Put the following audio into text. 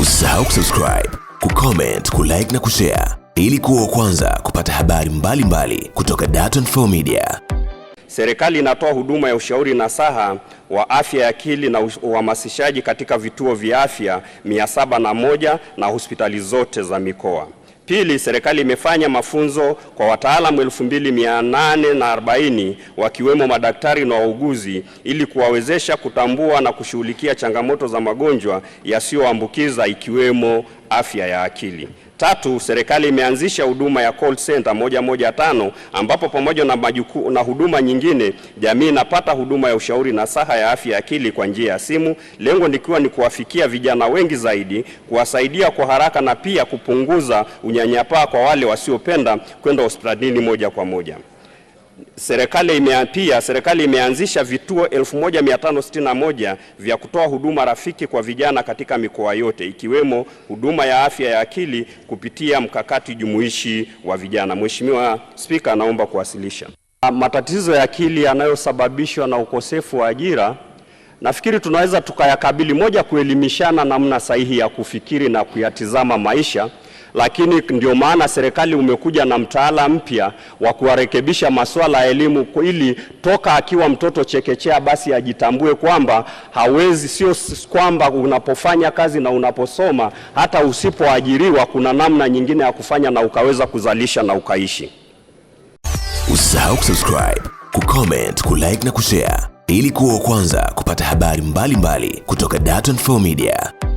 Usisahau kusubscribe, kucomment, kulike na kushare ili kuwa kwanza kupata habari mbalimbali mbali kutoka Dar24 Media. Serikali inatoa huduma ya ushauri na saha wa afya ya akili na uhamasishaji katika vituo vya afya 701 na hospitali zote za mikoa. Pili, serikali imefanya mafunzo kwa wataalamu 2840 wakiwemo madaktari na wauguzi ili kuwawezesha kutambua na kushughulikia changamoto za magonjwa yasiyoambukiza ikiwemo afya ya akili. Tatu, serikali imeanzisha huduma ya call center moja moja tano ambapo pamoja na, majuku, na huduma nyingine jamii inapata huduma ya ushauri na saha ya afya ya akili kwa njia ya simu, lengo likiwa ni kuwafikia vijana wengi zaidi, kuwasaidia kwa haraka na pia kupunguza unyanyapaa kwa wale wasiopenda kwenda hospitalini moja kwa moja serikali imeapia serikali imeanzisha vituo 1561 vya kutoa huduma rafiki kwa vijana katika mikoa yote ikiwemo huduma ya afya ya akili kupitia mkakati jumuishi wa vijana. Mheshimiwa Spika, naomba kuwasilisha. Matatizo ya akili yanayosababishwa na ukosefu wa ajira nafikiri tunaweza tukayakabili, moja, kuelimishana namna sahihi ya kufikiri na kuyatizama maisha lakini ndio maana serikali umekuja na mtaala mpya wa kuwarekebisha masuala ya elimu, ili toka akiwa mtoto chekechea basi ajitambue kwamba hawezi, sio kwamba unapofanya kazi na unaposoma, hata usipoajiriwa kuna namna nyingine ya kufanya na ukaweza kuzalisha na ukaishi. Usisahau kusubscribe, kucomment, kulike na kushare ili kuwa wa kwanza kupata habari mbalimbali mbali kutoka Dar24 Media.